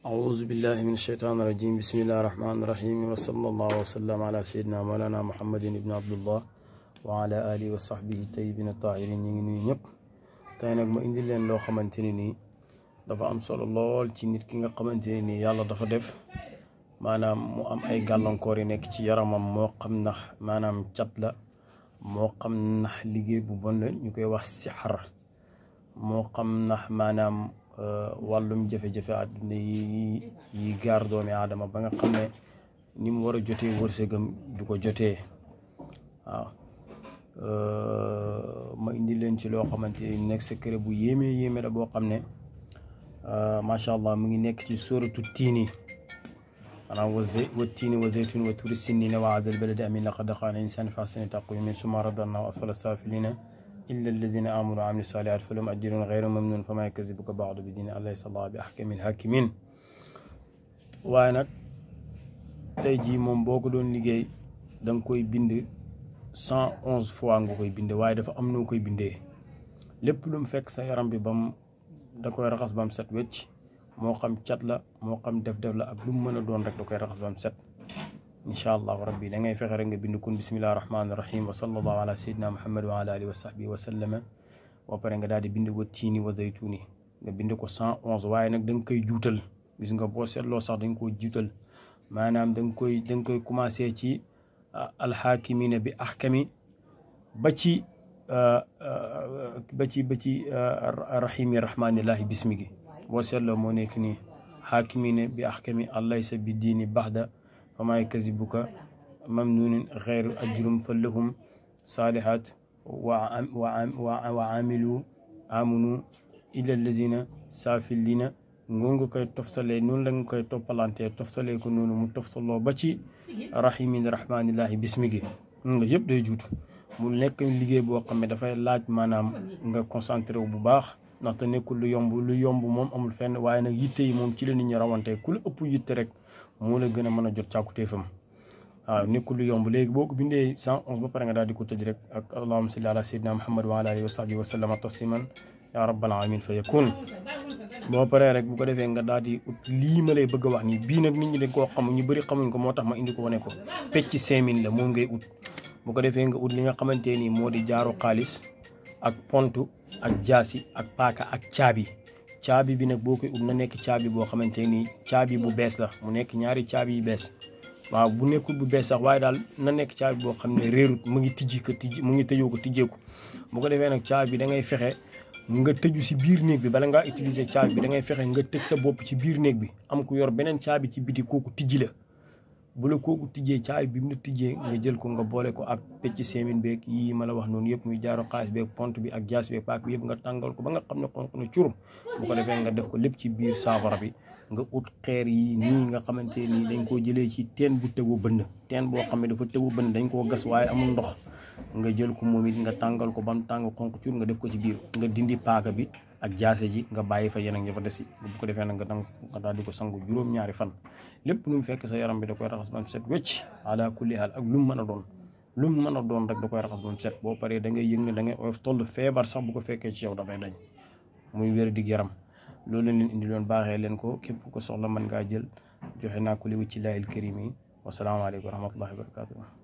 أعوذ بالله من الشيطان الرجيم بسم الله الرحمن الرحيم وصلى الله وسلم على سيدنا مولانا محمد بن عبد الله وعلى آله وصحبه الطيبين الطاهرين نيب تاي نك ما اندي لين لو خامتيني ني دا فا ام سولو لول تي نيت كيغا خامتيني ني يالا دا فا ديف مانام مو ام اي غالون كور ي نيك تي يرامام مو خام نخ مانام تيات لا مو خام نخ ليغي بو بون نيوكاي واخ سحر مو خام نخ مانام walum jafe jafe-jafe àdduna yi yi gaar doomi adama ba nga xamné nim wara mu war a jotee wërsëgam du ko jotee waaw ma indi len ci lo xamante nek secret bu yémé yémé da bo xamné euh ma sha allah mu ngi nek ci suratu tini ana maanaam wa tini wa zaytun wa turi sinniina wa azal baladi amin laqad khana xaana insaan fi ahsani taqwimin summa wa asfala safilina إلا الذين آمنوا وعملوا الصالحات فلهم أجر غير ممنون فما يكذبك بعض بدين الله صلى الله بأحكم الحاكمين waaye nag tey jii moom boo ko doon liggéey da nga koy bind cent onze fois nga koy binde waaye dafa am noo koy bindee lépp lu mu fekk sa yaram bi ba mu da koy raxas ba mu set wecc moo xam cat la moo xam def-def la ak lu mu mën a doon rek da koy raxas ba mu set ان شاء الله وربي لنا فخر بنكون بسم الله الرحمن الرحيم وصلى الله على سيدنا محمد وعلى اله وصحبه وسلم وبرنغ دادي بندو تيني وزيتوني بندو 111 واي نك دنجكاي جوتال غيس nga بو سيتلو صاح دنجكاي جوتال مانام دنجكاي دنجكاي كوماسي تي الحاكمين باحكم باتي باتي باتي الرحيم الرحمن الله بسمك وسلم مونيكني حاكمين باحكم الله يسبي ديني بعده فما يكذبك ممنون غير أجرم فلهم صالحات وعاملوا آمنوا إلا الذين سافلين نقولك كي تفصل نون لك كي تبلانت تفصل يكون نون متفصل الله بتي رحيم الرحمن الله بسمك يبدأ يجود mu nekk liggéey boo xam ne dafay laaj maanaam nga concentré wu bu baax ndaxte nekkul lu yomb lu yomb moom amul fenn waaye nag yitte yi moom ci la nit ñi rawante ku la ëpp yitte rek moo la gën a mën a jot càkkutéefam waaw nekkul lu yomb léegi boo ko bindee 111 ba pare nga daal di ko tëj rek ak allahumma salli ala sayyidina muhammad wa ala alihi wa sahbihi wa sallama tasliman yaa rabbal alamin fa yakun boo paree rek bu ko defee nga daal di ut lii ma lay bëgg a wax nii bii nag nit ñi dañ koo xamu ñu bëri xamuñ ko moo tax ma indi ko wane ko pecc 5000 la moom ngay ut bu ko defee nga ut li nga xamante ni moo di jaaru xaalis ak pontu ak jaasi ak paaka ak caabi caabi bi nag boo koy ut na nekk caabi boo xamante ni caabi bu bees la mu nekk ñaari caabi yu bees waaw bu nekkul bu bees sax waaye na nekk caabi boo xam ne réerut mu ngi tijji ko tijji mu ngi tëjoo ko tijjeeku bu ko defee nag caabi bi da ngay fexe nga tëju si biir néeg bi bala ngaa utiliser caabi bi da ngay fexe nga tëj sa bopp ci biir néeg bi am ku yor beneen caabi ci biti kooku tijji la bu la kooku tijjee caabi bi mu la tijjee nga jël ko nga boole ko ak pecc seemine beeg yii ma la wax noonu yëpp muy jaaro xaalis beeg pont bi ak jaas beeg bi yëpp nga tàngal ko ba nga xam ne xonq na curum bu ko nga def ko lépp ci biir saafara bi nga ut xeer yii nii nga xamante nii dañ koo jëlee ci teen bu tegu bënn teen boo xam ne dafa tegu bënn dañ koo gas waaye amul ndox nga jël ko moom it nga tàngal ko ba mu tàng xonq cur nga def ko ci biir nga dindi paaka bi ak jaase ji nga bàyyi fa yeneen ya fa des bu ko defee nag nga dang nga daal di ko sangu juróom-ñaari fan lépp lu fekk sa yaram bi da koy raxas ba mu set wecc ala kulli haal ak lu a doon mu mën a doon rek da koy raxas ba mu boo paree da ngay yëg ne da ngay oyof toll feebar sax bu ko fekkee ci yow dafay dañ muy wér dig yaram loolu leen leen indi loon baaxee leen ko képp ko soxla mën ngaa jël joxe naa ko li wacci laahil karim yi wasalaamaaleykum wa rahmatullahi wa barakatuh